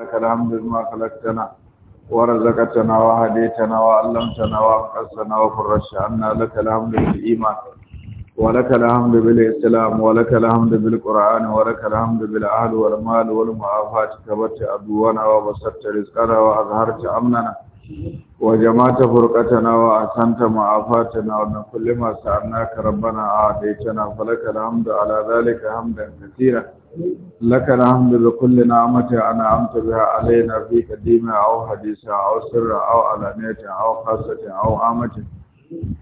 لك الحمد بما خلقتنا ورزقتنا وهديتنا وعلمتنا وانقذتنا وفرجت عنا لك الحمد بالإيمان ولك الحمد بالإسلام ولك الحمد بالقرآن ولك الحمد بالأهل والمال والمعافاة كبت أبوانا وبسطت رزقنا وأظهرت أمننا وجمعت فرقتنا وأحسنت معافاتنا ومن كل ما سألناك ربنا أعطيتنا فلك الحمد على ذلك حمدا كثيرا لك الحمد لكل نعمة أنعمت بها علينا في قديمة أو حديثة أو سر أو علانية أو خاصة أو عامة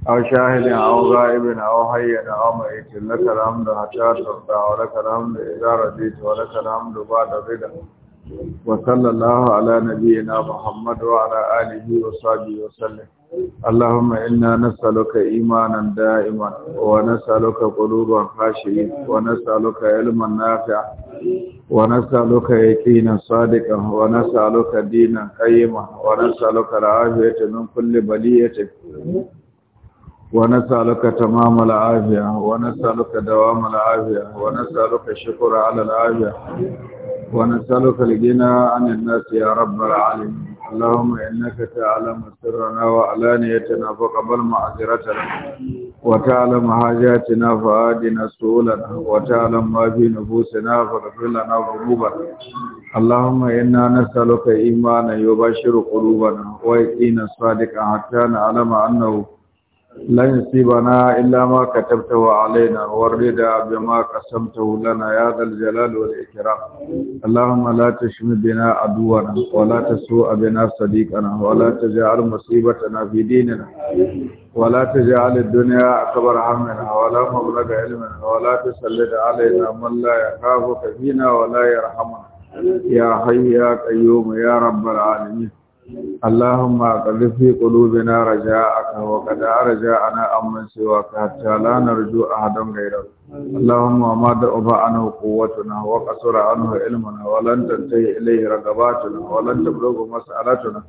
أو شاهد أو غائب أو حي أو ميت لك الحمد حتى ترضى ولك الحمد إذا رضيت ولك الحمد بعد رضا وصلى الله على نبينا محمد وعلى آله وصحبه وسلم اللهم إنا نسألك إيمانا دائما ونسألك قلوبا خاشئين ونسألك علما نافعا ونسألك يقينا صادقا ونسألك دينا قيما ونسألك العافية من كل بلية ونسألك تمام العافية ونسألك دوام العافية ونسألك الشكر على العافية ونسألك الجنى عن الناس يا رب العالمين اللهم إنك تعلم سرنا وعلانيتنا فقبل معذرتنا وتعلم حاجاتنا فآدنا سؤلنا وتعلم ما في نفوسنا فاغفر لنا ذنوبنا اللهم إنا نسألك إيمانا يبشر قلوبنا ويقينا صادقا حتى نعلم أنه Layin lan bana. Ila ma katabtahu alaina warida bima qasamtahu lana ya dhal jalal wal ikram allahumma la tashmid bina aduwan wa la tasu'a bina sadiqan wa la taj'al musibatana fi dinina wa la taj'al ad-dunya akbar hammina wa la mablagha ilmin wa la tusallid alaina man la yakhafu fina wa la yarhamuna ya hayy ya qayyum ya rabbal alamin اللهم اقلب في قلوبنا رجاءك وقد رجاءنا عمن سواك حتى لا نرجو احدا غيرك اللهم ما ضعف عنه قوتنا وقصر عنه علمنا ولن تنتهي اليه رغباتنا ولن تبلغ مسالتنا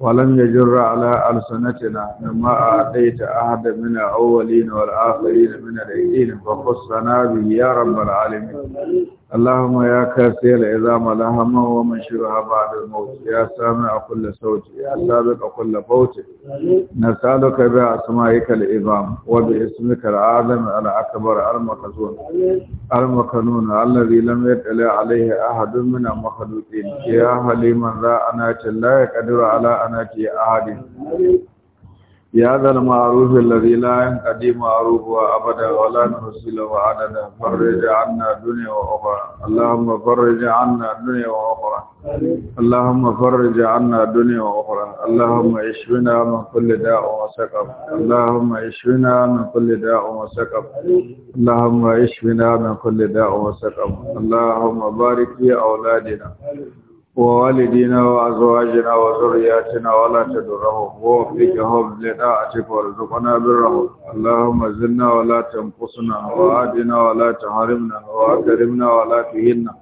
ولن يجر على السنتنا مما اعطيت احدا من الاولين والاخرين من الايدين فخصنا به يا رب العالمين اللهم يا كاسي العظام لهم ومن شرها بعد الموت يا سامع كل صوت يا سابق كل فوت نسألك بأسمائك العظام وباسمك العظم الأكبر المكنون المكنون الذي لم يطلع عليه أحد من المخلوقين يا حليما ذا أنات لا يقدر على أنات أحد يا ذا المعروف الذي لا ينقضي معروفه ابدا ولا نحصي عددا فرج عنا الدنيا واخرى اللهم فرج عنا الدنيا واخرى اللهم فرج عنا الدنيا واخرى اللهم اشفنا من كل داء وسقم اللهم اشفنا من كل داء وسقم اللهم اشفنا من كل داء وسقم اللهم بارك في اولادنا ووالدينا وأزواجنا وزرياتنا ولا تدرهم ووفقهم لطاعتك وارزقنا برهم اللهم زلنا ولا تنقصنا وآدنا ولا تحرمنا وأكرمنا ولا تهنا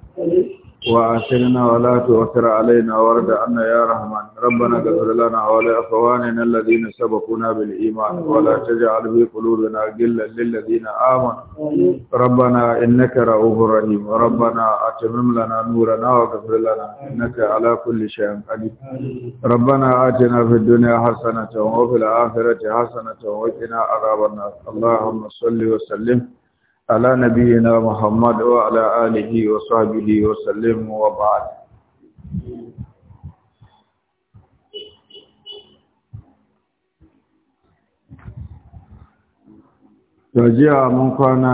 وعاشرنا ولا تؤثر علينا وارد عنا يا رحمن ربنا اغفر لنا ولأخواننا الذين سبقونا بالإيمان ولا تجعل في قلوبنا غلا للذين آمنوا ربنا إنك رؤوف رحيم ربنا أتمم لنا نورنا واغفر لنا إنك على كل شيء قدير ربنا آتنا في الدنيا حسنة وفي الآخرة حسنة وقنا عذاب النار اللهم صل وسلم على نبينا محمد وعلى آله وصحبه وسلم وبعد Rajiya mun kwana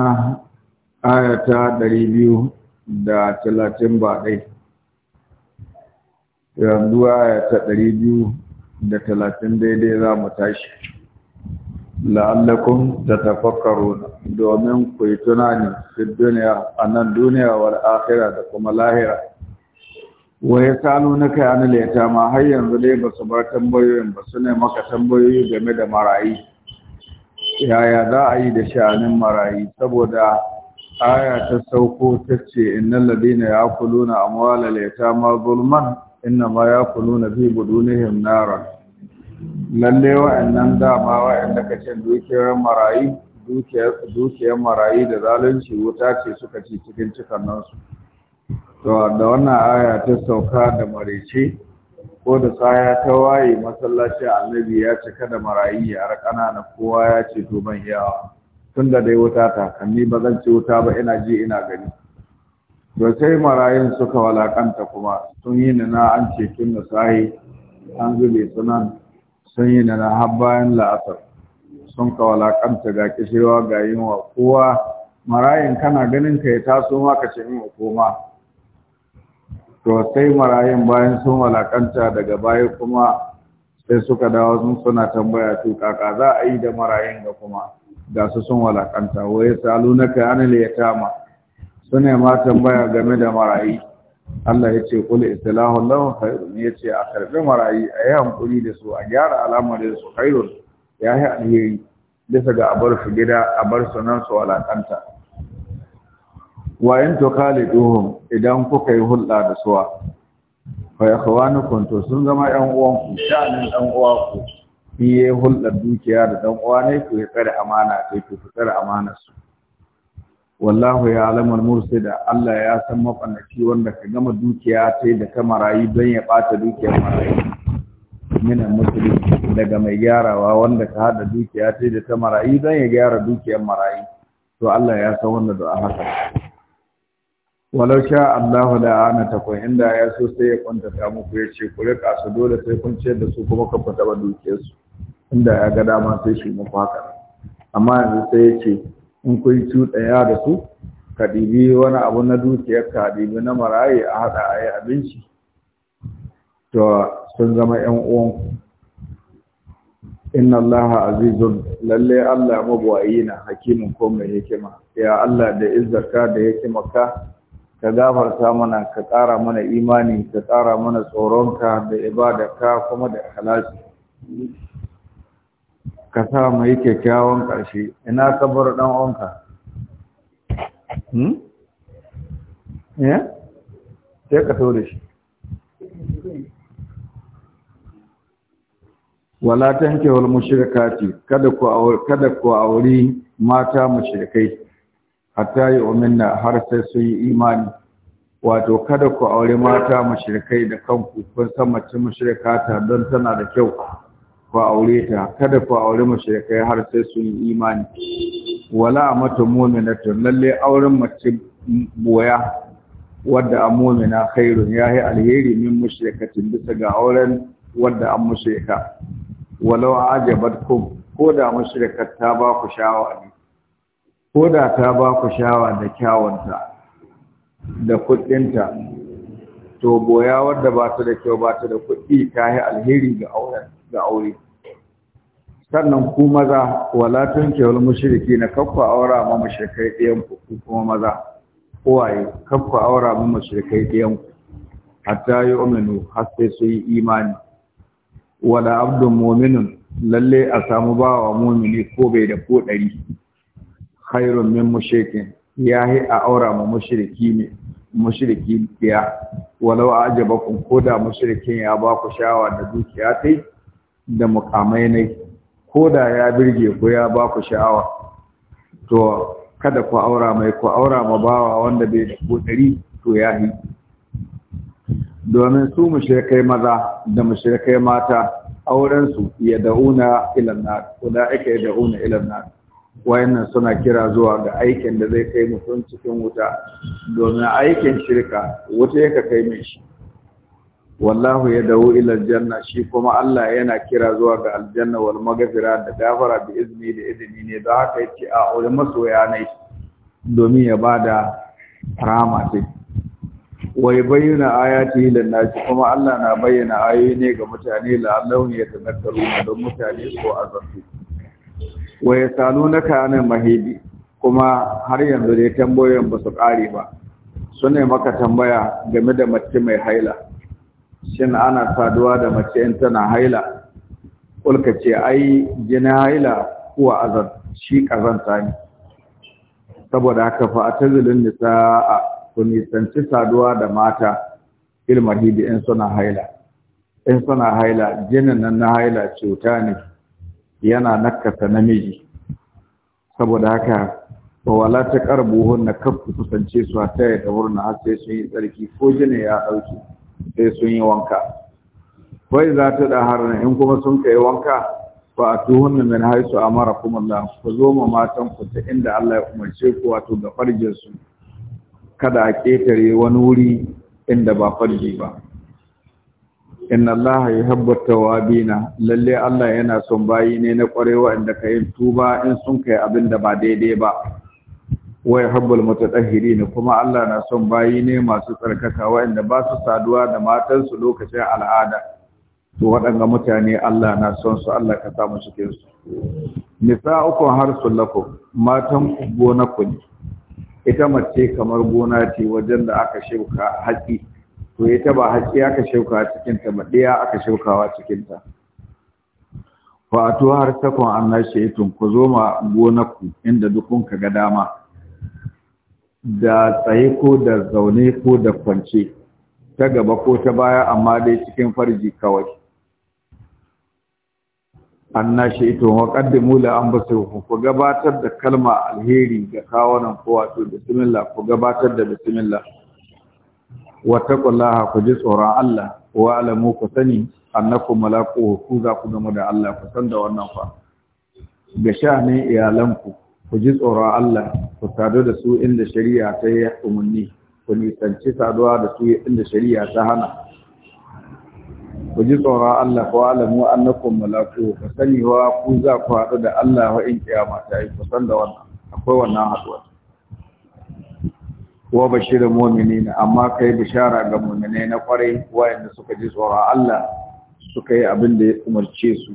ayata ɗari biyu da talatin baɗai, yanzu ayata ɗari biyu da talatin daidai za mu tashi, la'allakun da tafakkaruna. domin ku yi tunani duk duniya a nan duniya wa da kuma lahira wa ya sanu na kai an leta ma har yanzu dai ba su bar tambayoyin ba su ne maka tambayoyi game da marayi yaya za a yi da sha'anin marayi saboda aya ta sauko ta ce ina ladina yaquluna amwala al-yatama zulman innama na fi budunihim nara lalle wa'annan dama wa'anda can dukiyar marayi dukiyar marayi da zalunci wuta ce suka ci cikin cikannansu to da wannan aya ta sauka da marece ko da saya ta waye masallacin annabi ya cika da marayi yara ƙanana kowa ya ce to ban yawa tun da dai wuta ta kanni ba zan ci wuta ba ina ji ina gani to sai marayun suka walakanta kuma sun yi na an ce tun an zube sunan sun yi na har bayan la'asar sun kawalakanta ga kishirwa ga yin wa kowa marayin kana ganin ka ya taso maka ce in hmm, koma to sai marayin bayan sun walakanta daga baya kuma sai suka dawo sun suna tambaya to kaka za a yi da marayin ga kuma ga su sun walakanta waye salu na ka anil yatama suna ma tambaya game da marayi Allah ya ce kul islahu lahu khairun ya ce a karbi marayi a yi hankuri da su a gyara al'amarin su khairun ya yi alheri bisa ga abar su gida abar su nan su walakanta wayan to duhun idan kuka yi hulɗa da suwa fa ni kwanto sun zama yan uwan ku sha'anin dan uwa ku yi hulɗar dukiya da dan uwa ne ku tsare amana ce ku tsare amana su wallahu ya alamar mursi da Allah ya san mafanaki wanda ka gama dukiya ta da ka marayi don ya ɓata dukiyar marayi minan musulunci daga mai gyarawa wanda ka haɗa dukiya ce da ta mara'i don ya gyara dukiyar marayi to Allah ya san wanda da haka walau sha Allah da ana ta kun inda ya so sai ya ta muku ya ce ku rika su dole sai kun ciyar da su kuma ka fita ba dukiyar su inda ya ga dama sai shi muku haka amma yanzu sai ya ce in kun ya da su ka ɗibi wani abu na dukiyar ka ɗibi na marayi a haɗa a yi abinci to sun zama 'yan uwanku inna allaha azizun lalle allah mabwayi na hakimin ko mai hikima ya allah da izzarka da hikimarka ka gafarta mana ka tsara mana imani ka tsara mana tsoronka da ibadarka kuma da ikhlasi ka sa mu yi kyakkyawan ƙarshe ina ka bar dan sai ka tau da shi wala tanke wal mushrikati kada ku kada ku auri mata mushrikai hatta yu'minna har sai su yi imani wato kada ku auri mata mushrikai da kanku kun san mace mushrikata don tana da kyau ku aure ta kada ku auri mushrikai har sai su yi imani wala mata amatu mu'minatun lalle auren mace boya wadda an mumina khairun ya alheri min mushrikatin bisa ga auren wadda an mushrika walau ajabatkum ko da mushrikar ta ba ku shawa ne ko da ta ba ku shawa da kyawunta da kudinta, to boya wadda ba ta da kyau ba ta da kuɗi ta yi alheri ga ga aure sannan ku maza wala tunkihul mushriki na kafa aura ma mushrikai ɗayan ku kuma maza kowaye kafa aura ma mushrikai ɗayan ku hatta yi uminu har sai su yi imani wala abdun mu'minun lalle a samu bawa mu'mini ko bai da ko ɗari khairun min mushrikin yahi a aura ma mushriki ne mushriki ya walau ajabakum ko da mushrikin ya ba ku shawa da dukiya yi da mukamai ne ko da ya birge ku ya ba ku sha'awa to kada ku aura mai ku aura ma bawa wanda bai da ko ɗari to ya yi domin su mashirkai maza da mashirkai mata aurensu ya da'una ilan nar aika ya da'una ilan wayannan suna kira zuwa ga aikin da zai kai mutum cikin wuta domin aikin shirka wuta yaka kai mai shi wallahu ya dawo ilar janna shi kuma Allah yana kira zuwa ga aljanna wal magafira da gafara bi izini da izini ne da haka ci a wurin masoya ne domin ya ba da ce wai bayyana ayati lin nasi kuma Allah na bayyana ayoyi ne ga mutane la'allahu yatadakkaru don mutane ko wai wa na anil mahidi kuma har yanzu dai tambayoyin ba su kare ba sune maka tambaya game da mace mai haila shin ana saduwa da mace in tana haila kulka ce ai jina haila ko azab, shi kazanta ne saboda haka fa atazilun nisaa ku nisanci saduwa da mata ilmar hidi in suna haila in suna haila jinin nan na haila cuta ne yana nakasa namiji saboda haka wala ta karbuhun na kafu kusance su a taya da wurin har sai sun yi tsarki ko jinin ya ɗauki sai sun yi wanka wai za ta da har in kuma sun kai wanka ba a tuhunna min haisu a mara kuma Allah ku zo ma matan ku ta inda Allah ya umarce ku wato da farjin su kada a ƙetare wani wuri inda ba farji ba inna allaha yuhibbu bina lalle allah yana son bayi ne na kwarewa inda ka yi tuba in sun kai abin da ba daidai ba wa yuhibbul ne, kuma allah na son bayi ne masu tsarkaka wa'anda ba su saduwa da matansu lokacin al'ada to waɗanga mutane allah na son su allah ka samu cikin su nisa'ukum su matan ku gona ku ita mace kamar gona ce wajen da aka shauka hatsi to ita ba hatsi aka shauka cikin ta ɗaya aka shaukawa cikin ta wato har takon annashi itun ku zo ma gonaku inda dukun ka ga dama da tsaye ko da zaune ko da kwance ta gaba ko ta baya amma dai cikin farji kawai anna ito wa qaddimu la anfusikum ku gabatar da kalma alheri ga kawunan ko wato bismillah ku gabatar da bismillah wa taqullaha ku ji tsoron Allah wa alamu ku sani annakum malaku ku za ku gama da Allah ku san da wannan fa ga sha'anin iyalan ku ji tsoron Allah ku sadu da su inda shari'a ta yi umarni ku nisanci saduwa da su inda shari'a ta hana ku ji tsoron Allah ko alamu annakum malaku ku sani wa ku za ku haɗu da Allah wa in kiyama ta yi ku da wannan akwai wannan haɗuwa wa bashirin mu'minina amma kai bishara ga mu'minai na kwarai wayanda suka ji tsoron Allah suka yi abin da ya umarce su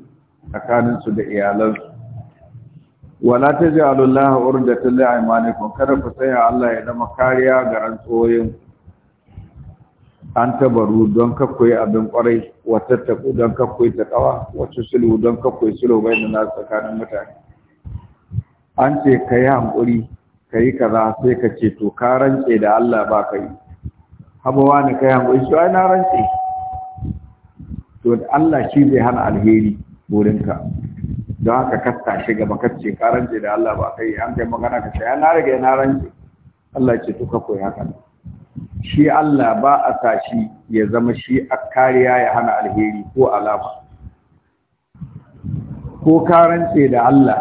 tsakanin su da iyalansu wala ta ji Allah urdatul li'aymanikum kada ku saya Allah ya zama kariya ga ku an tabaru don kakwai abin kwarai watattaku don kakwai kawa wata sulhu don kakwai sulhu bai da na tsakanin mutane an ce ka yi hankuri ka yi kaza sai ka ce to ka rance da Allah ba ka yi habawa ne ka yi hankuri shi na rance to Allah shi zai hana alheri burinka don haka kasta shi gaba ka ce ka rance da Allah ba ka yi an kai magana ka ce ya na rage na rance Allah ce to ka koyi haka shi Allah ba a sa ya zama shi a kariya ya hana alheri ko alama ko karance da Allah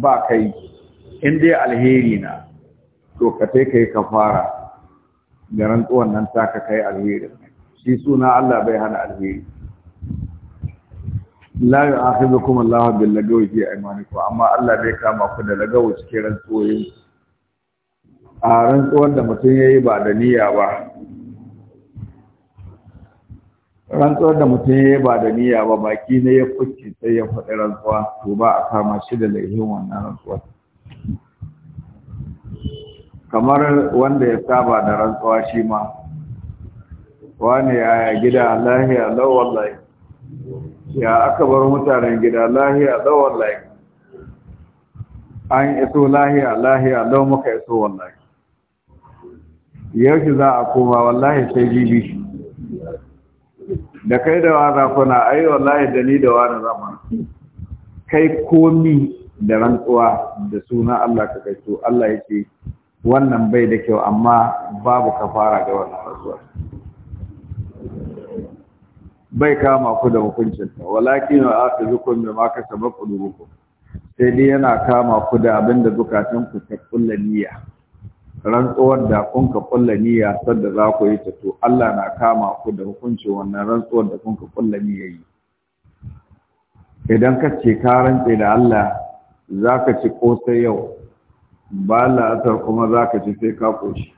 ba kai inda ya alheri na to ka kai ka fara ga rantsuwan nan ta ka kai alheri shi suna Allah bai hana alheri la yu'akhidhukum Allahu lagawa lagawi a aymanikum amma Allah bai kama ku da lagawa cikin su a rantsuwar da mutum ya yi ba da niyya ba rantsuwar da mutum ya yi ba da niyya ba baki ne ya fuske sai ya faɗi rantsuwa to ba a kama shi da laifin wannan rantsuwar kamar wanda ya saba da rantsuwa shi ma wani ya gida lahiya lawan layi ya aka bar mutanen gida lahiya lawan layi an iso lahiya lahiya lau muka iso wallahi yau za a koma wallahi sai jibi da kai da wa za kuna ai wallahi da ni da wa na zama kai komi da rantsuwa da suna Allah ka kai to Allah ya wannan bai da kyau amma babu kafara ga wannan rantsuwa bai kama ku da hukuncin, ta walakin wa akhidhukum bima kasabat qulubukum sai dai yana kama ku da abinda ku ta kullaniya niyya rantsuwar da kun ka kulla niyya sadda za ku yi ta to Allah na kama ku da hukunci wannan rantsuwar da kun ka kulla niyya yi idan ka ce ka rantse da Allah za ka ci kosai yau ba la'asar kuma za ka ci sai ka koshi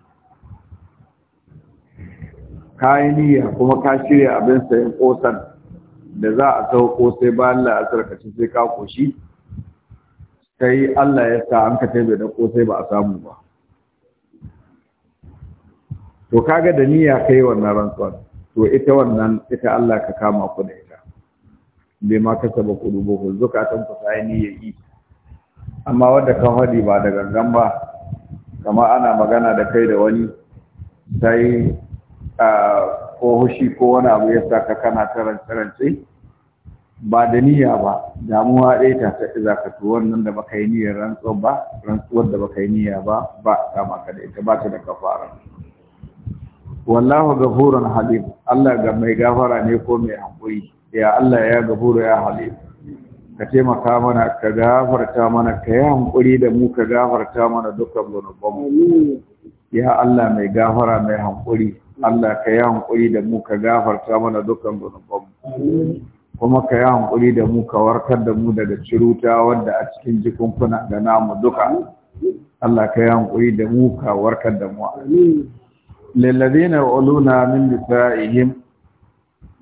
ka yi niyya kuma ka shirya abin sayan kosan da za a sau kosai bayan la'asar ka ci sai ka koshi sai Allah ya sa an ka da kosai ba a samu ba to kaga da niyya kai wannan rantsuwa to ita wannan ita Allah ka kama ku da ita bai ma saba ku dubo ku ku sai niyya yi amma wanda ka hadi ba da gangan ba kama ana magana da kai da wani sai a ko hushi ko wani abu ya saka kana tarance ba da niyya ba damuwa ɗaya ta sai iza ka to wannan da baka yi niyyar rantsuwa ba rantsuwar da baka yi niyya ba ba kama ka da ita ba ta da kafara wallahu ghafurun halim Allah ga mai gafara ne ko mai hankuri ya Allah ya gafuru ya halim ka taimaka mana ka gafarta mana ka yi hankuri da mu ka gafarta mana dukkan zunubanmu ya Allah mai gafara mai hankuri Allah ka yi hankuri da mu ka gafarta mana dukkan zunubanmu kuma ka yi hankuri da mu ka warkar da mu daga ciruta wanda a cikin jikunkuna da namu duka Allah ka yi hankuri da mu ka warkar da mu lillazina yaquluna min nisa'ihim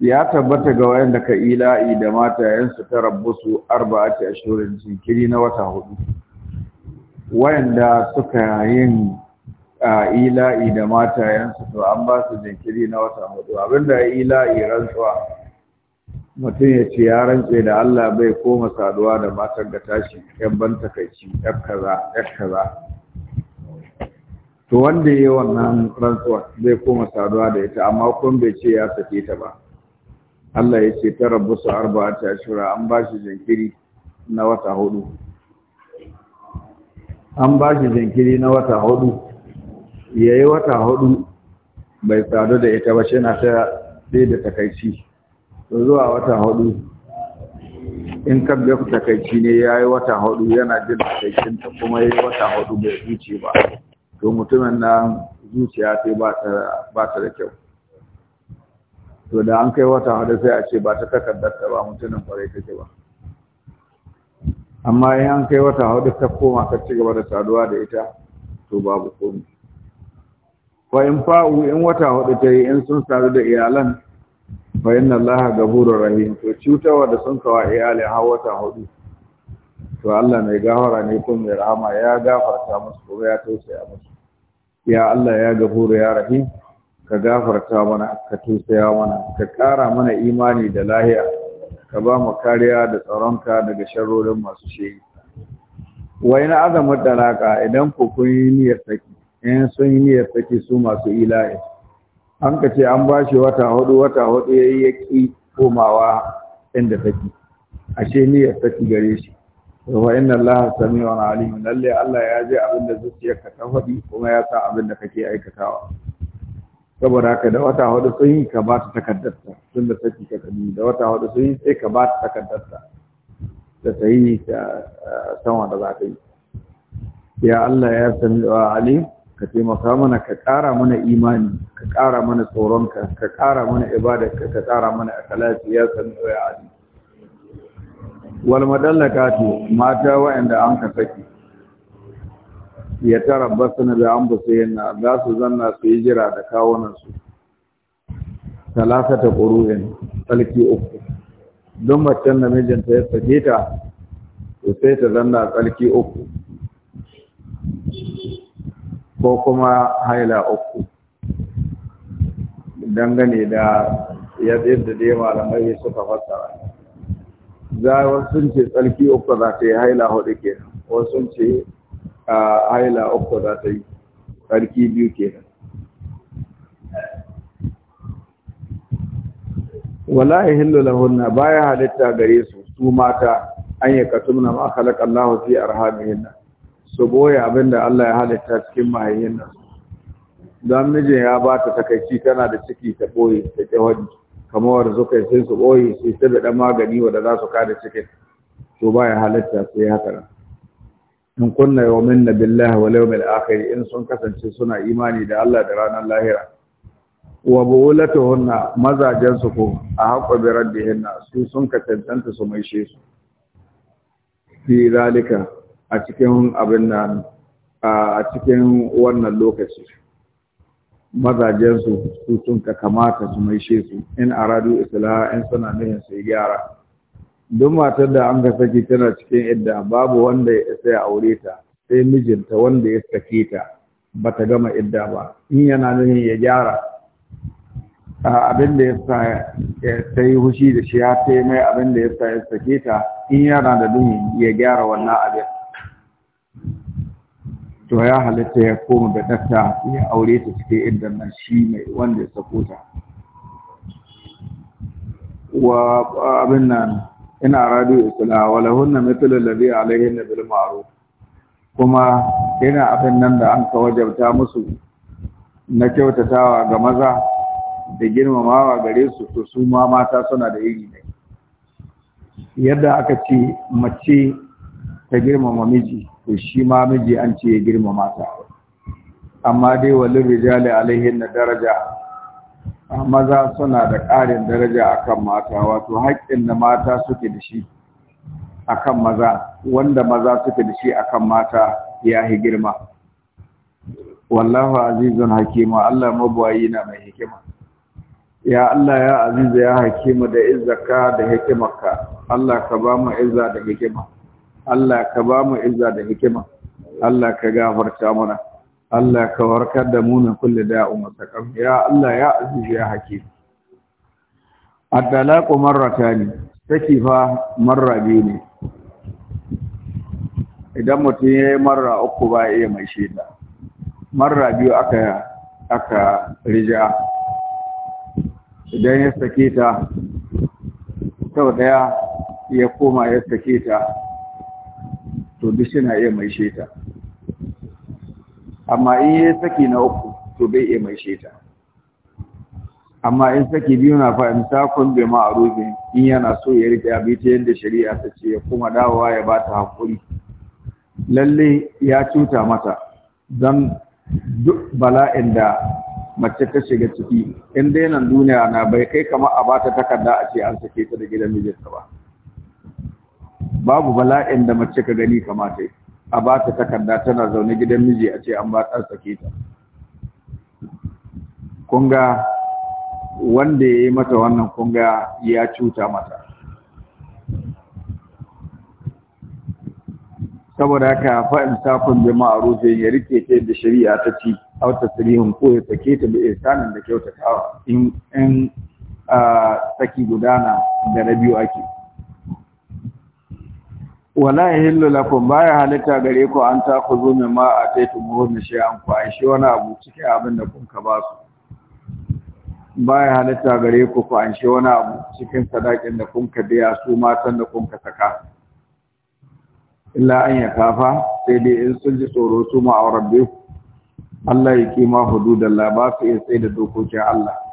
ya tabbata ga wayanda ka ila'i da matayen su tarabbusu arba'ati ashhurin jinkiri na wata hudu wayanda suka yin ila'i da matayen su to an ba su jinkiri na wata hudu abinda ila'i rantsuwa mutum ya ce ya rantse da Allah bai koma saduwa da matar da tashi yan ban takaici yan kaza kaza to wanda ya yi wannan rantsuwa zai koma saduwa da ita amma kun bai ce ya sake ta ba Allah ya ce ta rabu su arba'a ta shura an ba shi jinkiri na wata hudu an ba shi jinkiri na wata hudu ya yi wata hudu bai sadu da ita ba shi na ta sai da takaici to zuwa wata hudu in kan bai takaici ne ya yi wata hudu yana jin takaicinta kuma ya yi wata hudu bai zuce ba to mutumin nan zuciya sai ba ta da kyau to da an kai wata hada sai a ce ba ta takardar ta ba mutumin kwarai take ba amma in an kai wata hada ta koma ka ci gaba da saduwa da ita to babu komi fa in fa'u in wata hudu ta yi in sun sadu da iyalan fa inna allaha ghafurur rahim to cutawa da sun kawa iyalin har wata hudu to Allah mai gafara ne ko mai rahama ya gafarta musu ko ya tausaya musu ya Allah ya gafuru ya rahim ka gafarta mana ka tusaya mana ka ƙara mana imani da lahiya ka ba mu kariya da tsaronka daga sharorin masu shehi wa ina azamar dalaka idan ku kun yi niyyar saki in sun yi niyyar saki su masu ilahi an ka ce an ba shi wata hudu wata hudu ya yi ya komawa inda saki. ashe niyyar saki gare shi wa inna allaha sami'un alim lalle Allah ya ji abin da zuciyarka ta faɗi kuma ya sa abin da kake aikatawa saboda haka da wata hudu sun yi ka ba ta takaddarta tun da saki ka kadi da wata hudu sun yi sai ka ba ta takaddarta da sayi ta eh, sanwa da za yi ya Allah ya wa alim ka taimaka mana ka kara mana imani ka ƙara mana tsoronka ka ƙara mana ibadarka ka ƙara mana akalaci ya wa alim wal madallakatu mata waɗanda an ka saki ya tarabbasu na da an yana za su zanna su yi jira da kawunansu talasata ƙuru'in tsalki uku don macen da ya sake ta to sai ta zanna tsalki uku ko kuma haila uku dangane da yadda da dai malamai suka fassara za sun ce tsarki uku za ta yi haila hudu wasu sun ce a haila uku za ta yi tsarki biyu kenan wala yahillu lahunna baya halitta gare su su mata an yi ya katumna ma khalaqa Allah fi nan" su boye abinda Allah ya halitta cikin nan don mijin ya ba ta takaici tana da ciki ta boye ta tawadi kamar da suka yi sai su ɓoye sai ta da magani wanda za su kada cikin to ba ya halatta sai haka nan in kunna min na billahi wa yawmil akhir in sun kasance suna imani da Allah da ranar lahira wa bu'ulatuhunna mazajen su ko a haƙƙo bi raddihinna su sun ka tantanta su mai shi su fi zalika a cikin abin nan a cikin wannan lokaci mazajensu su sun ka kamata su maishe su in aradu isla in suna nuhin su gyara duk matar da an ka saki tana cikin idda babu wanda ya isa ya aure ta sai mijinta wanda ya sake ta ba ta gama idda ba in yana nuhin ya gyara abin da ya sa ta yi hushi da shi ya sai mai abin da ya sa ya sake ta in yana da nuhin ya gyara wannan abin to ya halitta ya koma da ɗata ya aure ta cikin inda nan shi mai wanda ya sako ta wa abin nan ina radu isla wa na mithlu alladhi alayhinna bil ma'ruf kuma yana abin nan da an ka wajabta musu na kyautatawa ga maza da girmamawa gare su to su ma mata suna da iri ne yadda aka ce mace ta girmama miji to shi ma miji an ce ya girmama ta amma dai walin rijali alaihin na daraja maza suna da ƙarin daraja akan mata wato haƙƙin da mata suke da shi akan maza wanda maza suke da shi akan mata ya yi girma wallahu azizun hakima Allah mabuwayi na mai hikima ya Allah ya aziza ya hakima da izzaka da hikimarka Allah ka ba mu izza da hikima Allah ka ba mu izza da hikima Allah ka gafarta mana Allah ka warkar da mu min kulli da'u mutaqam ya Allah ya aziz ya hakim at-talaqu marratan fa marra biyu ne idan mutum ya yi marra uku ba iya mai shida marra biyu aka aka rija idan ya sake ta sau daya ya koma ya sake ta to duk shi iya mai sheta amma in yi saki na uku to bai iya mai sheta amma in saki biyu na fahimta kun bai ma a rufin in yana so ya rike abi ta yadda shari'a ta ce ya kuma dawowa ya ba ta hankuri lalle ya cuta mata don duk bala'in da mace ta shiga ciki in dai nan duniya na bai kai kama a ba ta takarda a ce an sake ta da gidan mijinta ba babu bala'in da mace ka gani kamata a ba ta takarda tana zaune gidan miji a ce an ba ta sake ta kunga wanda ya yi mata wannan kunga ya cuta mata saboda haka fa'in safin jama'a rufe ya rike ta da shari'a ta ci auta sirihin ko ya sake ta da ihsanin da kyautatawa in in saki gudana da na biyu ake wala yahillu lakum baya halitta gare ku an ta ku zo mai ma a taitu muhimmin shi an ku shi wani abu cikin abin da kun ka ba su baya halitta gare ku ku an shi wani abu cikin sadakin da kun ka biya su matan da kun ka saka illa an ya kafa sai dai in sun ji tsoro su ma a rabbi Allah ya kima hududallah ba su iya sai da dokokin Allah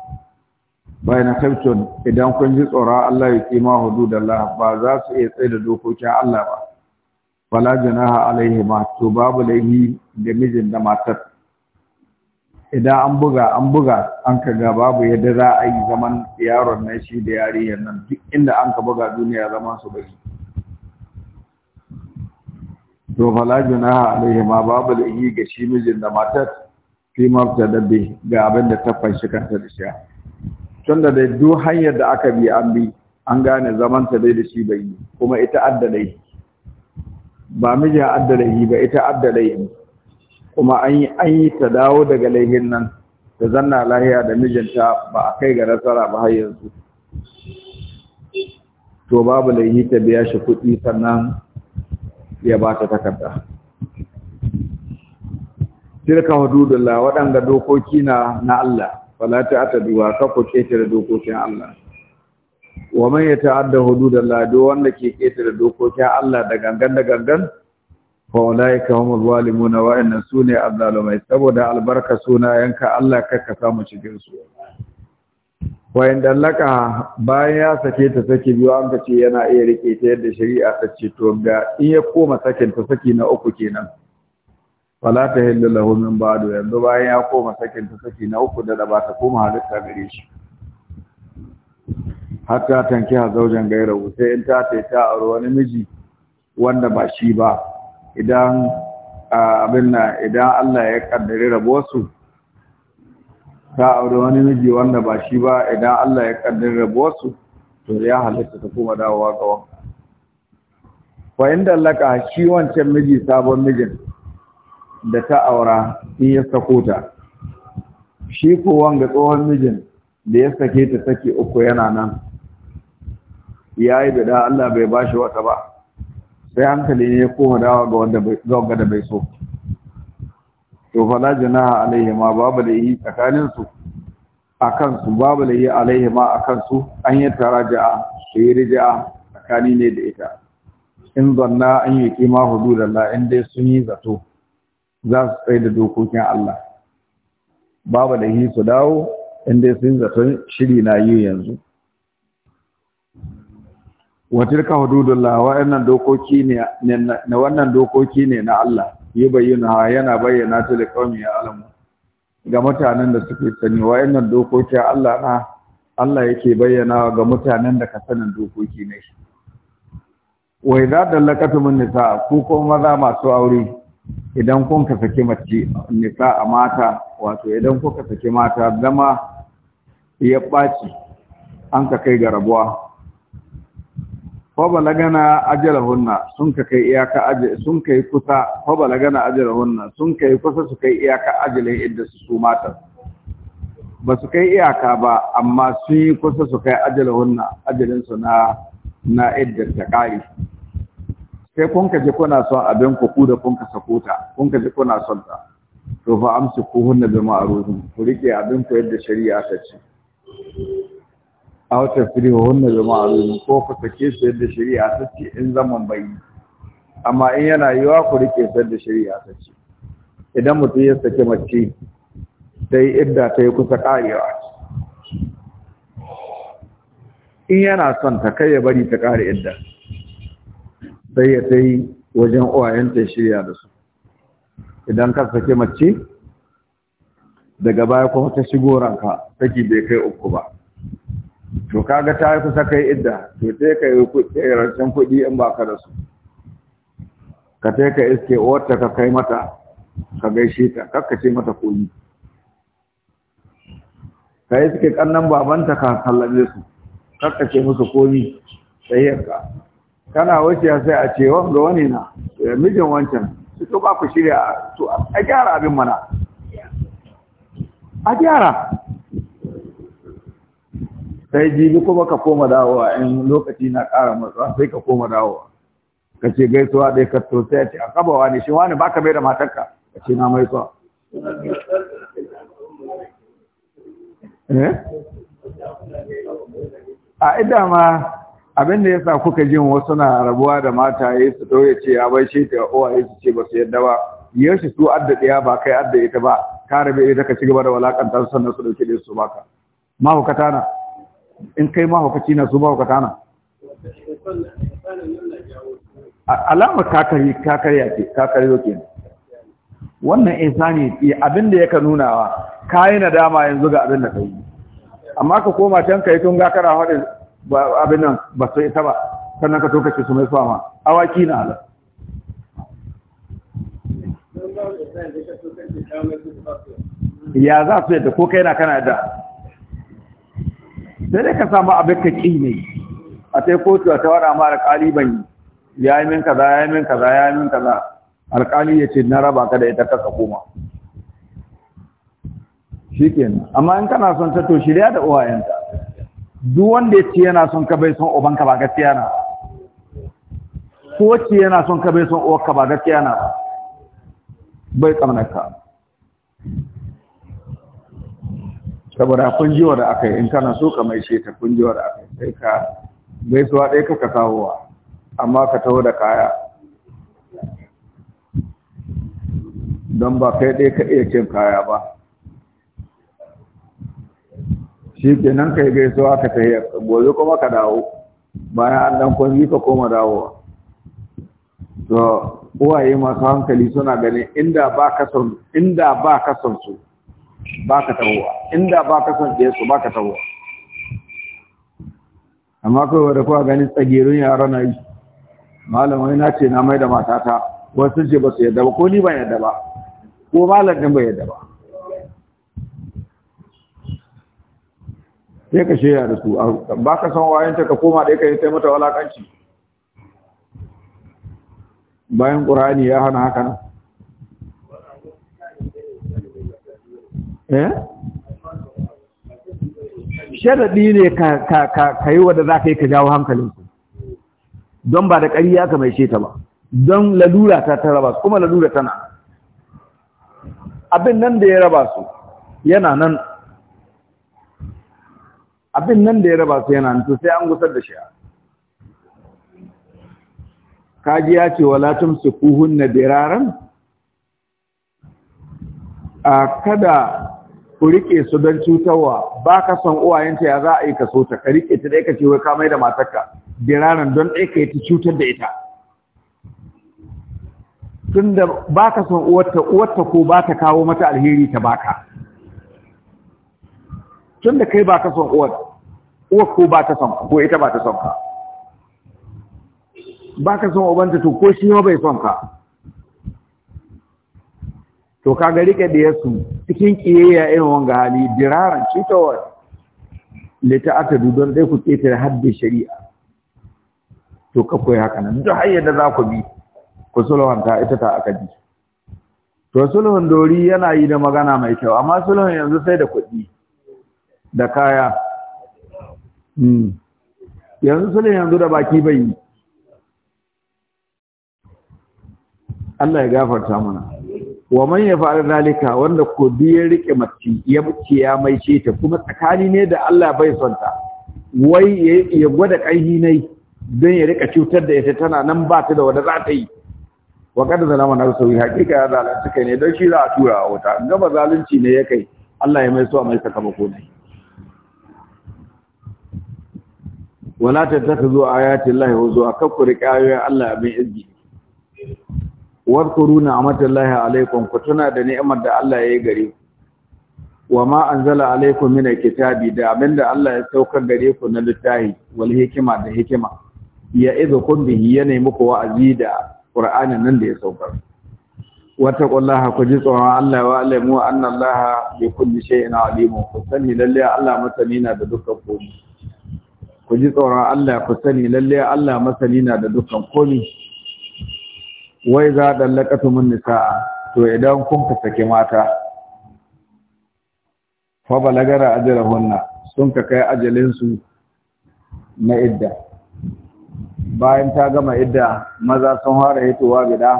bayan kaifton idan kun ji tsoron Allah ya da allah ba za su iya tsaye da dokokin Allah ba wala janaha alaihi ma to babu laihi da mijin da matar idan an buga an buga an ka ga babu yadda za a yi zaman yaron na shi da yariyar nan duk inda an ka buga duniya zaman su bai to fala junaha alaihi ma babu laihi ga shi mijin da matar fi mafta dabbe ga abin da tafai shi kanta da shi tunda da duk hanyar da aka bi an bi an gane zaman ta dai da shi bai yi kuma ita addalai ba mijin addalai ba ita addalai kuma an yi an yi ta dawo daga laihin nan ta zanna lahiya da mijinta ba a kai ga nasara ba har yanzu to babu laihi ta biya shi kuɗi sannan ya ba ta takarda tilka hududullah waɗanda dokoki na na Allah fala ta'tadu wa kafu ketare dokokin Allah wa man yata'adda hududallah do wanda ke ketare dokokin Allah da gangan da gangan fa ulaika humul zalimuna wa inna sunna azzalumai saboda albarka suna yanka Allah kaka samu cikin su wa inda laka bayan ya sake ta saki biyu an ce yana iya rike ta yadda shari'a ta ce to ga in ya koma sakin ta saki na uku kenan Wala ta hillu lahu min ba'du yanzu bayan ya koma sakin ta saki na uku da ba ta koma halitta gare shi hatta ha zaujan gaira sai in ta ta ta aro wani miji wanda ba shi ba idan abin na idan Allah ya kaddare rabuwarsu ta aure wani miji wanda ba shi ba idan Allah ya kaddare rabuwarsu to ya halitta ta koma dawowa ga wanka fa inda laka shi wancan miji sabon mijin da ta aura in ya sako ta shi ko wanga tsohon mijin da ya sake ta sake uku yana nan ya yi da Allah bai ba shi wata ba sai hankali ne ya koma dawa ga wanda da bai so to fa janaha alaihi ma babu da yi tsakanin su akan su babu da yi alaihi ma akan su an yi taraja'a su yi rija'a tsakani ne da ita in zanna an yi kima hududallah in dai sun yi zato za su tsaye da dokokin Allah babu da hi su dawo inda sun zaton shiri na yi yanzu watilka hududullah wa'annan dokoki ne na wannan dokoki ne na Allah yi bayyana yana bayyana ta da kaumi ya alamu ga mutanen da suke sani wa'annan dokoki Allah na Allah yake bayyana ga mutanen da ka sanin dokoki ne shi wa idza min nisa ku ko maza masu aure idan kun ka saki mace nisa a mata wato idan ka saki mata zama ya ɓaci an ka kai ga rabuwa lagana ajiyar hunna sun ka kai iyaka ajiyar sun kai kusa lagana ajiyar hunna sun yi kusa su kai iyaka ajalin inda su su mata ba su kai iyaka ba amma sun yi kusa su kai hunna ajiyar su na na idda ta sai kun ka ji kuna son abin ku ku da kun ka sako ta kun ka ji kuna son ta to fa amsu ku hunna bi ma'rufin ku rike abin ku yadda shari'a ta ce aw fili hunna bi ma'rufin ko ku sake su yadda shari'a ta ce in zaman bai amma in yana yiwa ku rike su yadda shari'a ta ce idan mutum ya sake mace sai idda ta yi kusa karewa in yana son ta kai ya bari ta kare idda sai ya ta yi wajen uwayenta shirya da su idan ka sake mace daga baya kuma ta shigo ranka take bai kai uku ba to kaga ta yi kusa kai idda to ta yi kuɗi kuɗi in ba ka da su ka ta ka iske wata ka kai mata ka gaishe ta kakkace mata koyi ka yi suke kannan babanta ka sallame su kakkace musu komi tsayyarka kana ya sai a ce ga wani na eh, mijin wancan su to ba ku shirya to a gyara abin mana a gyara sai jibi kuma ka koma dawowa in lokaci na ƙara matsa sai ka koma dawowa ka ce gaisuwa ɗaya ka to sai a ce a kabawa ne shi wani baka mai da matarka a ce na mai kwa eh? a idama abin da yasa kuka jin wasu na rabuwa da mata yi su dauye ce ya bai shi ta uwaye su ce ba su yadda ba yashi su adda ɗaya ba kai adda ita ba ka rabe ita ka ci gaba da walakanta su sannan su ɗauke da su baka mahaukata na in kai mahaukaci na su mahaukata na alamar kakari ya ce kakariyo ke wannan insani abin da yaka nunawa yi nadama yanzu ga abin da kai amma ka koma can ka yi tun gakara kana abin nan ba su ita ba sannan ka toka kace su mai fama ma awaki na halal ya za su yadda ko kai na kana da sai dai ka samu abin ka ƙi ne a sai kotu a wada ma alƙali ban yi ya yi min kaza ya yi min kaza ya yi min kaza alƙali ya ce na raba ka da ita ka koma shi kenan amma in kana son tattoshi to ya da uwayenta duk wanda ya ce yana son ka bai son ubanka ba gaskiya na ko ce yana son ka bai son uwarka ba gaskiya na bai tsamanaka saboda kunjiwar da aka yi in kana so ka mai sheta kunjiwar da aka yi sai ka bai suwa ɗaya ka kawowa amma ka taho da kaya don ba kai ɗaya ka iya cin kaya ba shi ke nan ka yi gaisuwa ka ta gobe kuma ka dawo bayan an dan kwanzi ka koma dawowa to uwaye masu hankali suna ganin inda ba ka son inda ba ka son su ba ka tawowa inda ba ka son ɗaya su ba ka tawowa amma kai wadda kuwa ganin tsagerun yara na yi malamai na ce na mai da matata wasu ce ba su yadda ba ko ni ban yadda ba ko malam ɗin bai yadda ba sai ka shirya da su ba ka san wayanta ka koma da ka yi taimata walakanci bayan ƙurani ya hana haka nan eh? sharaɗi ne ka yi wadda za ka yi ka jawo hankalinsu don ba da ya ka mai ta ba don lalura ta ta raba kuma lalura tana abin nan da ya raba su yana nan abin nan da ya raba su yana to sai an gusar da shi a. kaji ya ce wala kuhun na biraran a kada ku rike su don cutarwa ba ka son uwayenta ya za a yi kaso ta ka rike ta dai ka ce da matarka biraran don ɗaya ka yi cutar da ita tunda ba ka son uwarta ko ba ta kawo mata alheri ta baka tun da kai ba ka son uwar uwar ko ba ta son ko ita ba ta son ka ba ka son ubanta to ko shi ma bai son ka to ka gari ka da yasu cikin kiyayya irin wanga hali diraran shi ta wani lita aka dudon dai ku ta haddi shari'a to ka koyi haka nan duk hanyar da za ku bi ku sulawanta ita ta aka bi to sulhun dori yana yi da magana mai kyau amma sulhun yanzu sai da kuɗi da kaya hmm. yanzu suna yanzu da baki bai yi Allah ya gafarta mana wa man ya fara dalika wanda ko ya riƙe mace ya mace ya mai ce ta kuma tsakani ne da Allah bai son ta wai ya gwada ƙarfi nai don ya riƙa cutar da ita tana nan ba ta da wanda za ta yi wa kada zalama na yi hakika ya zalunci kai ne don shi za a tura a wuta gaba zalunci ne ya kai Allah ya mai so a mai sakamako ne wala ta taka zuwa ayatin kakuri wa zuwa riƙe Allah abin izgi wadkuru na amatan lahi ku da ni'imar da Allah ya yi gare ku wa anzala alaikum min kitabi da abinda Allah ya saukar gare ku na littahi wal hikima da hikima ya izukum bihi ya nemi wa'azi da Qur'anin nan da ya saukar wattaqullaha ku ji tsoron Allah wa alamu anna Allah bi kulli shay'in alim ku sani lalle Allah masani na da dukkan komai ku ji tsoron Allah ku sani lalle Allah masani na da dukkan komi wai za mun nisaa to idan kun ka sake mata fa balagara ajrahunna sun ka kai ajalin su na idda bayan ta gama idda maza sun fara hitowa gida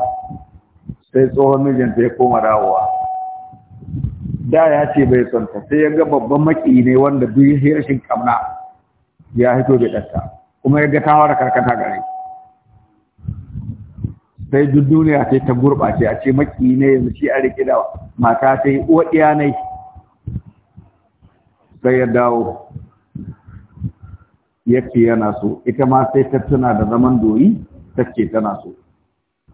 sai tsohon mijinta ya koma dawowa da ya ce bai son ta sai ya ga babban maki ne wanda duk rashin kamna ya hito da ɗasta kuma ya ga da karkata gare sai duk duniya sai ta gurɓace a ce maki ne yanzu shi a riƙe da mata sai uwa ne. sai ya dawo ya ce yana so ita ma sai ta tuna da zaman doyi ta ce tana so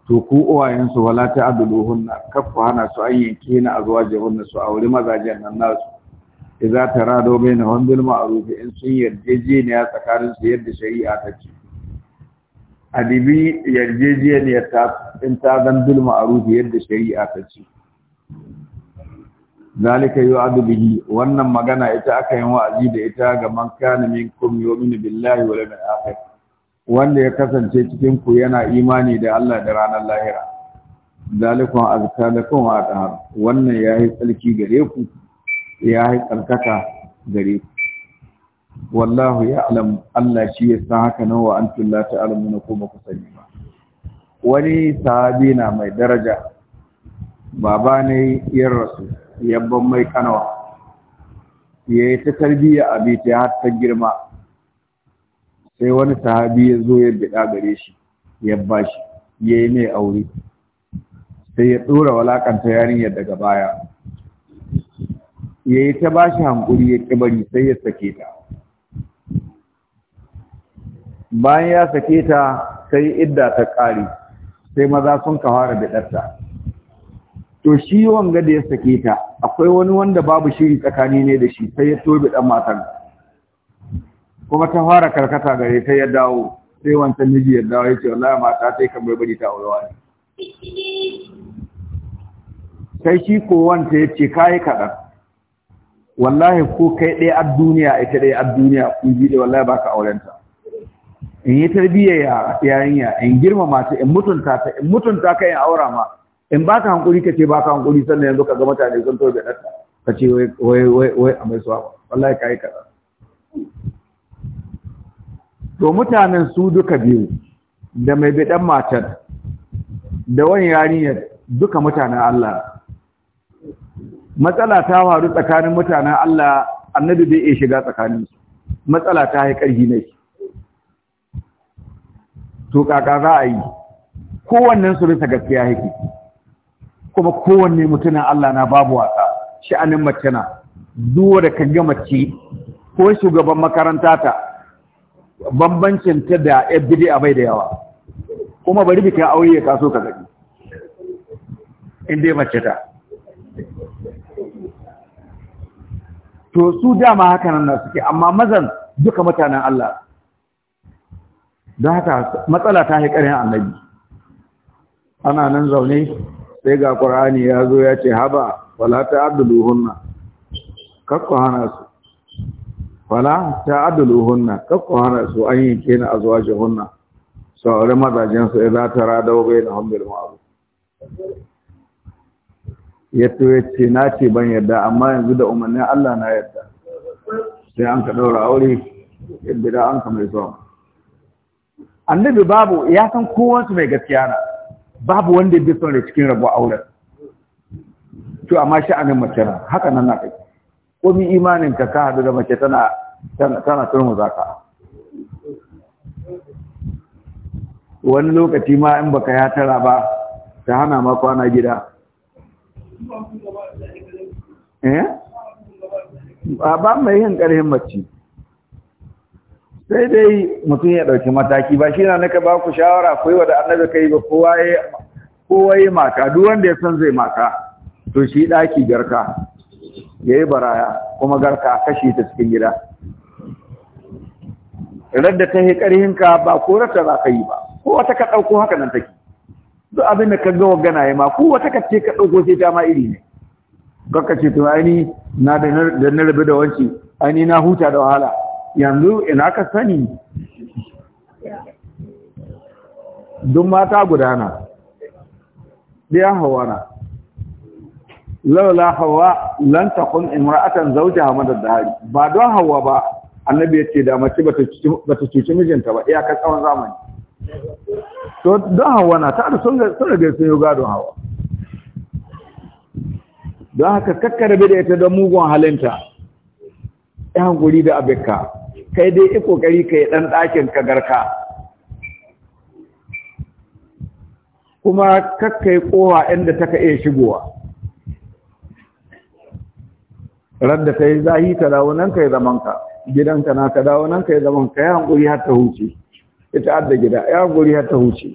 to ku uwayensu wala ta na kafa hana su an yanke na a zuwa jihunna su wuri mazajen nan nasu idza tarado bainahum bil ma'ruf in sun yarjejeniya tsakanin su yadda shari'a ta ce adibi yarjejeniyar ta in ta zan bil ma'ruf yadda shari'a ta ce zalika yu'adu bihi wannan magana ita aka yin wa'azi da ita ga man kana minkum yu'minu billahi wal yawmil akhir wanda ya kasance cikin ku yana imani da Allah da ranar lahira zalikun azkalakum wa tahar wannan yayi tsalki gare ku ya yi tsarkaka gare wallahu ya alam Allah shi ya san haka nan wa antum la ta'lamuna ko baku sani ba wani sahabi na mai daraja baba ne yar rasu yabban mai kanawa yi ta tarbiyya a bita har ta girma sai wani sahabi ya zo ya bida gare shi ya ya yi mai aure sai ya dora walakanta yarinyar daga baya ya yi ta shi hankuri ya ƙibari sai ya sake ta bayan ya sake ta sai idda ta ƙare sai maza sun ka fara biɗarta to shi wanga da ya sake ta akwai wani wanda babu shiri tsakani ne da shi sai ya tobe ɗan matan kuma ta fara karkata gare ta ya dawo sai wancan miji ya dawo ya ce wallahi mata sai kan bai bari ta ne sai shi ko wanta ya ce kayi kaɗan wallahi ko kai ɗaya a duniya ita ɗaya a duniya kun ji da wallahi baka aurenta in yi tarbiyya yarinya in girmama ta in mutunta ta in mutunta ka in aura ma in baka hankuri kace baka hankuri sannan yanzu ka ga mutane sun tobe da ta kace wai wai wai a mai suwa wallahi kai kaza to mutanen su duka biyu da mai bidan matar da wani yarinyar duka mutanen Allah matsala ta faru tsakanin mutanen Allah annabi bai iya shiga tsakanin su matsala ta hai na ne to kaka za a yi kowannen su bisa gaskiya yake kuma kowanne mutanen Allah na babu wasa sha'anin mace na zuwa da kaga mace ko shugaban makaranta ta bambancin ta da FBD a bai da yawa kuma bari bikin aure ya kaso ka gani in dai mace ta to su dama haka nan suke amma mazan duka mutanen Allah don haka matsala ta yi ƙarin annabi ana nan zaune sai ga ƙur'ani ya zo ya ce haba wala ta hunna, kakko hana su wala ta hunna, kakko hana su an yi kena a zuwa hunna saurin mazajensu ya za ta rada wabai da hambil ya ya ce na ce ban yarda amma yanzu da umarnin Allah na yarda sai an ka ɗaura aure yadda da an ka mai zuwa annabi babu ya san kowansu mai gaskiya na babu wanda bi son cikin rabuwa auren to amma sha'anin mace na haka nan na kai komi imanin ka ka hadu da mace tana tana turmu zaka wani lokaci ma in baka ya tara ba ta hana ma kwana gida eh ba mai yin ƙarfin mace sai dai mutum ya ɗauki mataki ba shi na naka ba ku shawara kai wa da annabi kai ba kowa yi maka duk wanda ya san zai maka to shi ɗaki garka ya yi baraya kuma garka kashi ta cikin gida radda ta yi ka ba ko rata za ka yi ba ko wata ka ɗauko haka nan take duk abin da ka ga wagana ya ma ko wata ce ka ɗauko sai ta ma iri ne kakka ce to aini na da na rabu da wanci aini na huta da wahala yanzu ina ka sani duk mata gudana biya hawana laula hawa lan takun imra'atan zawjaha madad dahari ba don hawa ba annabi ce da mace bata cuci mijinta ba iyakar tsawon zamani to don hawa na ta da sun riga sun yi gadon hawa don haka kakkarbe da ita don mugun halinta ya hankuri da abinka kai dai iko kokari ka yi ɗan ɗakin ka garka kuma kakkai kowa inda ta ka iya shigowa radda da ta yi zahi ta dawo nan ka yi zamanka gidanka na ka dawo nan ka yi zamanka ya hankuri har ta huce ita adda gida ya guri har ta huce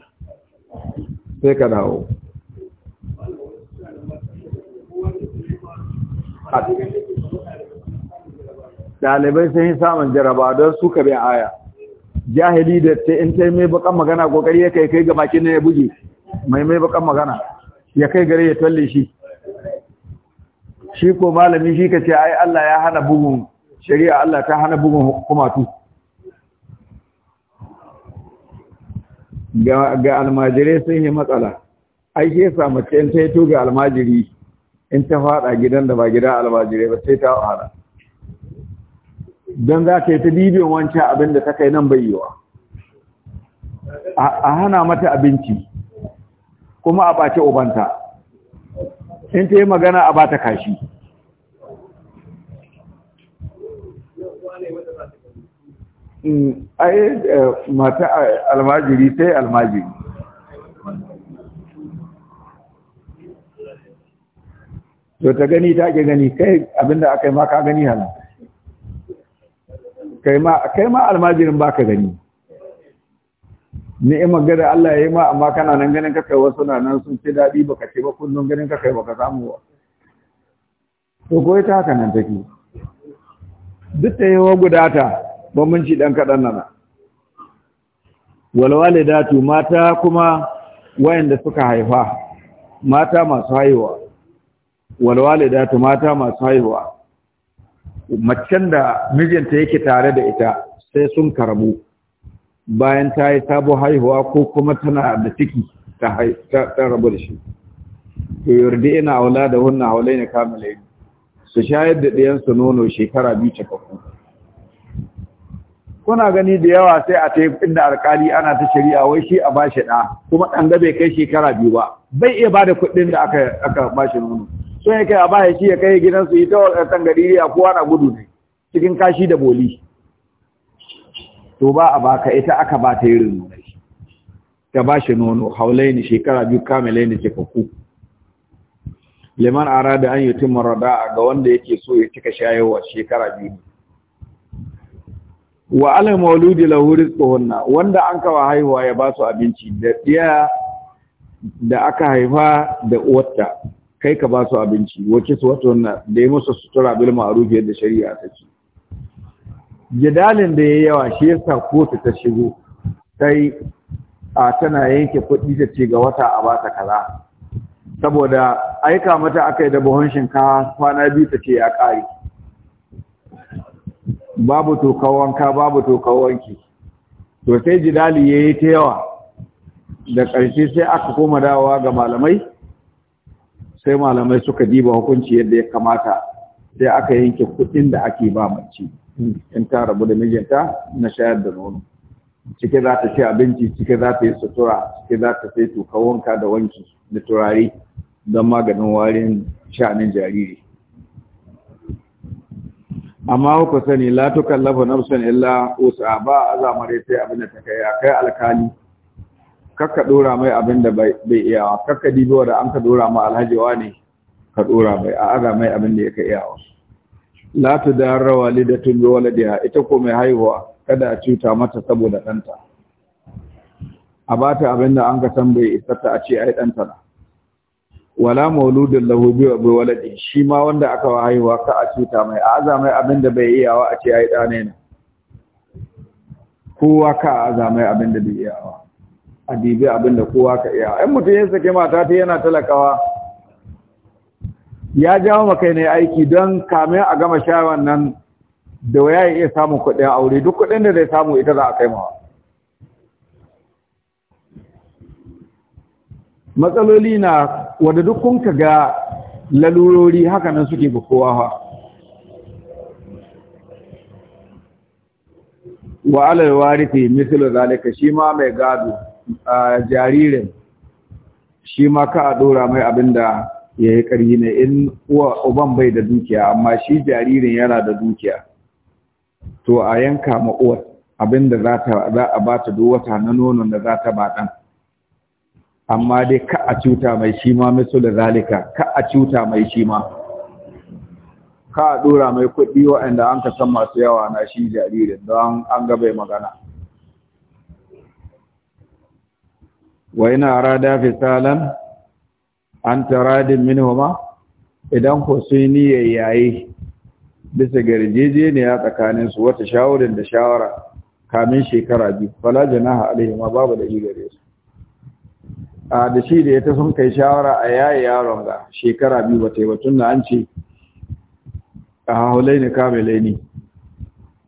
sai ka dawo dalibai sun yi samun jaraba don su ka bi aya jahili da ta in ta mai bakan magana kokari ya kai kai ga na ya buge mai mai bakan magana ya kai gare ya talle shi shi ko malami shi ka ce ai Allah ya hana bugun shari'a Allah ta hana bugun kumatu ga almajirai sun yi matsala ai ke sa mace in ta yi ga almajiri in ta fada gidan da ba gida almajirai ba sai ta wahala don za ta yi ta bibiyon wancan abin da ta kai nan bayyawa a hana mata abinci kuma a bace ubanta in ta yi magana a bata kashi ai eh, mata almajiri sai almajiri to ta gani ta ke gani kai abinda aka yi ma ka gani hana kai ma almajirin ba ka gani ni'imar gada Allah ya yi ma amma kana nan ganin kakai wasu na nan sun ce daɗi ba ka ce ba kullum ganin kakai ba ka samu ba to ko ta haka nan take duk ta yi wa gudata bambanci ɗan kaɗan nana datu mata kuma wayanda suka haifa mata masu haihuwa datu mata masu haihuwa macen da mijinta yake tare da ita sai sun karbu bayan ta yi sabo haihuwa ko kuma tana da ciki ta rabu da shi to yarda ina aula da wannan haulai ne kamalaini su shayar da ɗiyansu nono shekara biyu cikakku kuna gani da yawa sai a ta inda alkali ana ta shari'a wai shi a bashi da kuma ɗan gabe kai shekara biyu ba bai iya bada kuɗin da aka aka bashi nono So ya kai a bashi shi ya kai gidan gidansu ita wa ɗan gari a kowa na gudu ne cikin kashi da boli to ba a baka ita aka ba ta irin nono ta bashi nono haulai ne shekara biyu kamalai ne cikakku liman arada an tumar rada'a ga wanda yake so ya cika shayarwa shekara biyu wa alal mauludi lahu rizquhunna wanda an kawa haihuwa ya ba su abinci da diya da aka haifa da uwarta kai ka ba su abinci wace su wato wannan da ya musu sutura bil ma'ruf yadda shari'a ta ce jidalin da ya yawa shi yasa kotu ta shigo sai a tana yanke kuɗi ta ce ga wata a bata kaza saboda aika mata aka yi da buhun shinkafa kwana biyu ta ce ya ƙare. babu tokar wanka babu tokar wanki to sai jidali yayi ta yawa da ƙarshe sai aka koma dawowa ga malamai sai malamai suka diba hukunci yadda ya kamata sai aka yanke kuɗin da ake ba mace in ta rabu da mijinta na shayar da nono cike za ta ci abinci cike za ta yi sutura cike za ta sai tuka wanka da wanki da turare don maganin warin sha'anin jariri amma ku sani la tukallafu nafsan illa usa ba azamare sai abin da take ya kai alkali kakka dora mai abin da bai iya kakka dibo da an ka dora ma alhaji wani ka dora mai a aza mai abin da yake iya la tudarra walidatun bi waladiha ita ko mai haihuwa kada a cuta mata saboda danta a bata abin da an ka san bai isa ta a ce ai danta na wala mauludin lahu bi wa waladi shi ma wanda aka haihuwa ka a cuta mai aza mai abin da bai iyawa a ce ai da ne na kowa ka aza mai abin da bai iyawa a dibi abin da kowa ka iya ai mutum ya sake mata ta yana talakawa ya jawo maka ne aiki don kamin a gama shawan nan da waya ya iya samun kuɗin aure duk kuɗin da zai samu ita za a kai mawa matsaloli na wadda duk kun ka ga lalurori haka nan suke ga kowa ha wa alal warithi mithlu zalika shi ma mai gado A jaririn shi ma ka a dora mai abinda ya yi ƙarfi ne in uwa uban bai da dukiya amma shi jaririn yana da dukiya to a yanka ma uwar abinda za a ba ta duk wata na nonon da za ta ba ɗan amma dai ka a cuta mai shi ma misu da zalika ka a cuta mai shi ma ka a dora mai kuɗi waɗanda an ka san masu yawa na shi jaririn don an gaba magana wa ina rada fisalan an taradin minhuma idan ko sun niyyar yayi bisa garjejeniya tsakanin su wata shawarar da shawara kamin shekara biyu fala janaha alaihi ma babu da gare su a da shi da ya ta sun kai shawara a yayi yaron ga shekara biyu ba ta "Tun da an ce a haulai ne kamilai ne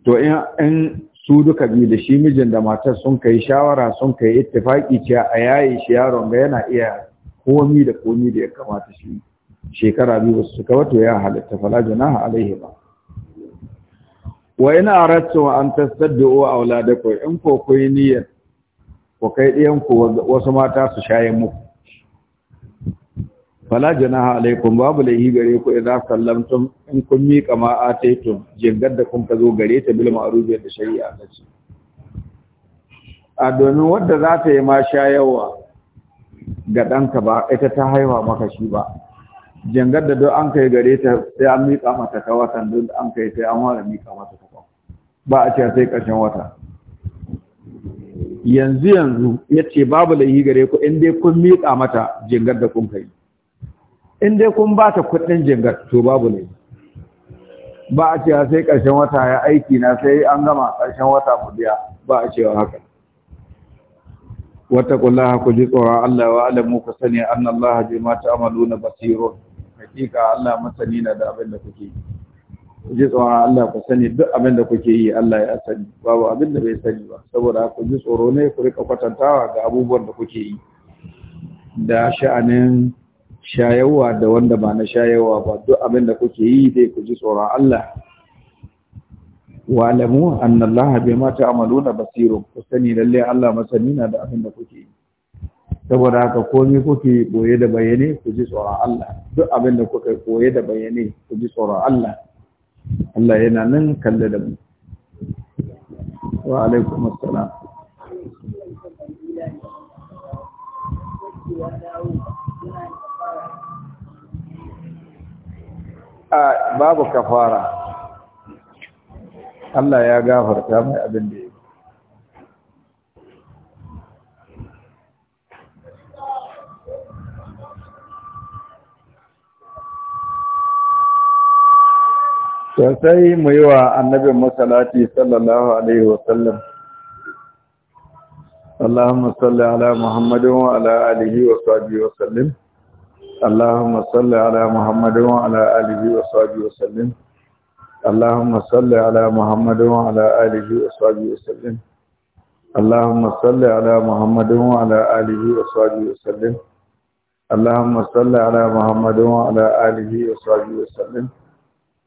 to in su duka biyu da shi mijin da matar sun kai shawara sun kai ittifaki cewa a yayi shi yaron ga yana iya komi da komi da ya kamata shi shekara biyu ba su ka wato ya halitta, fala junaha alaihi ba wa ina aradtu an tasaddu auladakum in ko kuyi niyyar Ko kai ɗiyanku wasu mata su shayen muku fala janaha alaikum babu laihi gare ku idza sallamtum in kun miƙa ma ataytum jingar da kun ka zo gare ta bil ma'ruf da shari'a ta ce a domin wadda za ta yi ma shayarwa ga ɗanka ba ita ta haihuwa maka shi ba jingar da duk an kai gare ta sai an miƙa mata ta watan duk an kai sai an wara miƙa mata ta ba a ce sai ƙarshen wata yanzu yanzu ya ce babu laihi gare ku in dai kun miƙa mata jingar da kun kai in dai kun ba ta kuɗin jingar to babu laihi ba a cewa sai ƙarshen wata ya aiki na sai an gama ƙarshen wata mu biya ba a cewa haka wata kula ku ji tsoron Allah wa alamu ku sani annallaha bima ta'maluna basirun hakika Allah masani na da abin da kuke ji tsoron Allah ku sani duk abin da kuke yi Allah ya sani babu abin da bai sani ba saboda ku ji tsoro ne ku rika kwatantawa ga abubuwan da kuke yi da sha'anin shayarwa da wanda ba na shayarwa ba duk abin da kuke yi dai ku ji tsoron Allah wa lamu anna Allah bima ta'maluna basirun ku sani lalle Allah masani na da abin da kuke yi saboda haka komai kuke boye da bayane ku ji tsoron Allah duk abin da kuka koye da bayane ku ji tsoron Allah Allah yana nan kalle da mu wa alaikum assalam babu kafara Allah ya gafarta mai abin da sosai mu yi wa annabin masalati sallallahu alaihi wasallam اللهم صل على محمد وعلى آله وصحبه وسلم اللهم صل على محمد وعلى آله وصحبه وسلم اللهم صل على محمد وعلى آله وصحبه وسلم اللهم صل على محمد وعلى آله وصحبه وسلم اللهم صل على محمد وعلى وصحبه وسلم اللهم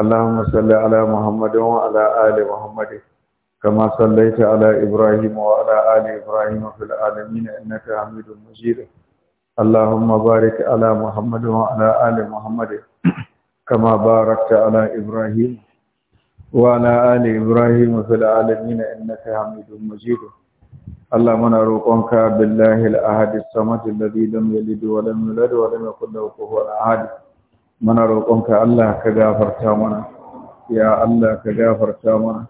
اللهم صل على محمد وعلى آل محمد كما صليت على إبراهيم وعلى آل إبراهيم في العالمين إنك حميد مجيد اللهم بارك على محمد وعلى آل محمد كما باركت على إبراهيم وعلى آل إبراهيم في العالمين إنك حميد مجيد اللهم نروقك بالله الأحد الصمد الذي لم يلد ولم يولد ولم يكن له كفوا أحد muna roƙonka Allah ka gafarta mana ya Allah ka gafarta mana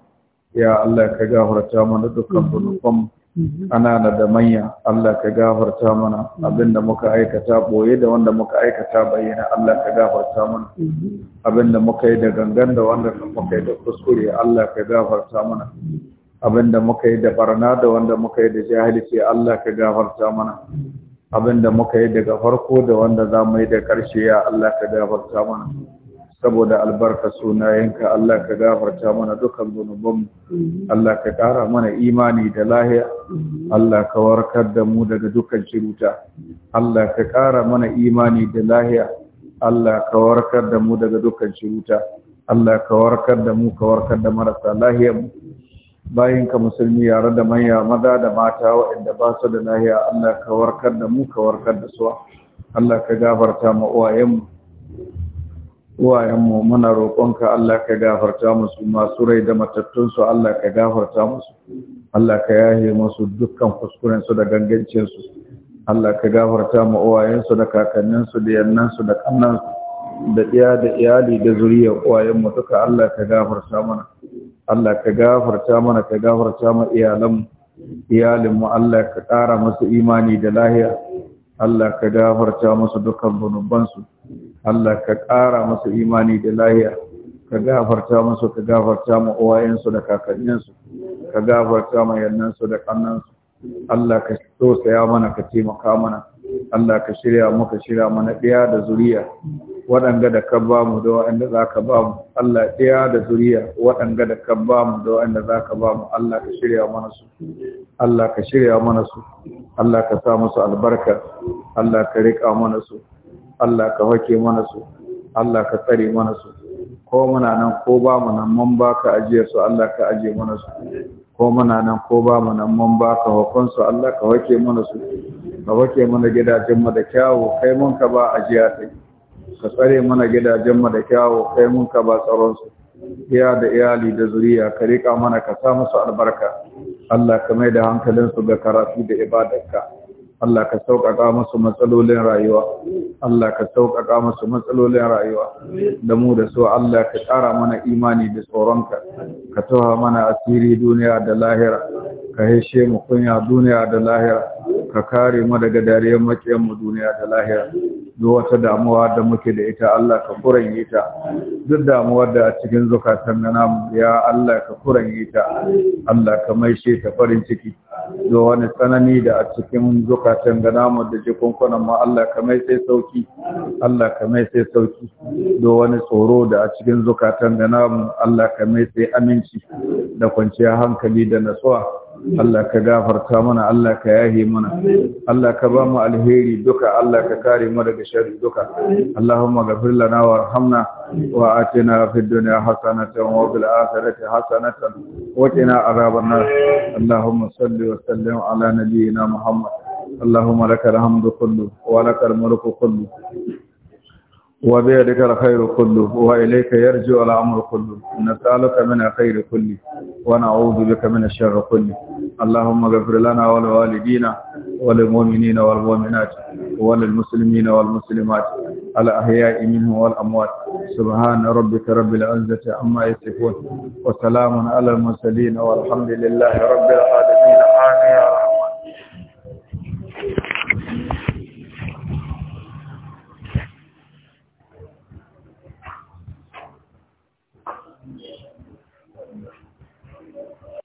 ya Allah ka gafarta mana dukkan zunuban anana da manya Allah ka gafarta mana abinda muka aikata boye da wanda muka aikata bayyana Allah ka gafarta mana abinda muka yi da gangan da wanda muka yi da kuskure Allah ka gafarta mana abinda muka yi da barna da wanda muka yi da jahilci Allah ka gafarta mana abinda muka yi daga farko da wanda za mu yi da ƙarshe ya Allah ka gafarta mana saboda albarka sunayenka Allah ka gafarta mana dukkan zunubanmu Allah ka ƙara mana imani da lahiya Allah ka warkar da mu daga dukkan ciruta Allah ka ƙara mana imani da lahiya Allah ka warkar da mu daga dukkan ciruta Allah ka warkar da mu ka warkar da marasa lahiyarmu. bayan ka musulmi yare da manya maza da mata waɗanda ba su da lahiya Allah ka warkar da mu ka warkar da su Allah ka gafarta ma uwayenmu uwayenmu muna roƙonka Allah ka gafarta musu masu rai da matattunsu Allah ka gafarta musu Allah ka yahe musu dukkan kuskurensu da gangancinsu Allah ka gafarta ma uwayensu da kakanninsu da yannansu da kannansu da iya da iyali da zuriyar uwayenmu duka Allah ka gafarta mana Allah ka gafarta mana ka gafarta ma iyalan iyalinmu Allah ka ƙara masu imani da lahiya Allah ka gafarta musu dukkan su Allah ka ƙara musu imani da lahiya ka gafarta musu ka gafarta ma su da kakanninsu ka gafarta ma su da su Allah ka saya mana ka taimaka mana Allah ka shirya muka shirya mana ɗaya da zuriya waɗanda da ka ba mu da waɗanda za ka ba mu Allah ɗaya da zuriya waɗanda da ka ba mu da waɗanda za ka ba mu Allah ka shirya mana su Allah ka shirya mana su Allah ka sa musu albarka Allah ka riƙa mana su Allah ka hake mana su Allah ka tsare mana su ko muna nan ko ba mu nan mun baka ajiyar su Allah ka aje mana su ko muna nan ko ba mu nan mun ba ka hukunsu Allah ka wake mana su ka wake mana mu da kyawu kai mun ka ba ajiya ta ka tsare mana gidajen mu da kyawu kai mun ka ba tsaron su iya da iyali da zuriya ka rika mana ka sa musu albarka Allah ka mai da su ga karatu da ibadarka Allah ka sauƙaƙa musu matsalolin rayuwa Allah ka sauƙaƙa musu matsalolin rayuwa da mu da su Allah ka ƙara mana imani da tsoronka ka tawa mana asiri duniya da lahira ka heshe mu kunya duniya da lahira ka kare mu daga dariyar makiyan mu duniya da lahira duk wata damuwa da muke da ita Allah ka kuranye ta duk damuwar da a cikin zukatan na namu ya Allah ka kuranye ta Allah ka maishe ta farin ciki da wani tsanani da a cikin zukatan da namu da jikunkunan ma Allah ka mai sai sauki Allah ka mai sai sauki Do wani tsoro da a cikin zukatan da namu Allah ka mai sai aminci da kwanciyar hankali da nasuwa Allah ka gafarta mana Allah ka yahi mana Allah ka bamu alheri duka Allah ka kare mu daga sharri duka Allahumma ghafir lana warhamna wa atina fid dunya hasanatan wa fil akhirati hasanatan wa qina adhaban nar Allahumma salli wa sallim ala nabiyyina Muhammad Allahumma اللهم لك الحمد كله ولك الملك كله وبيدك الخير كله وإليك يرجع الأمر كله نسألك من الخير كله ونعوذ بك من الشر كله اللهم اغفر لنا ولوالدينا وللمؤمنين والمؤمنات وللمسلمين والمسلمات الأحياء منهم والأموات سبحان ربك رب العزة عما يصفون وسلام على المرسلين والحمد لله رب العالمين آمين يا رحمن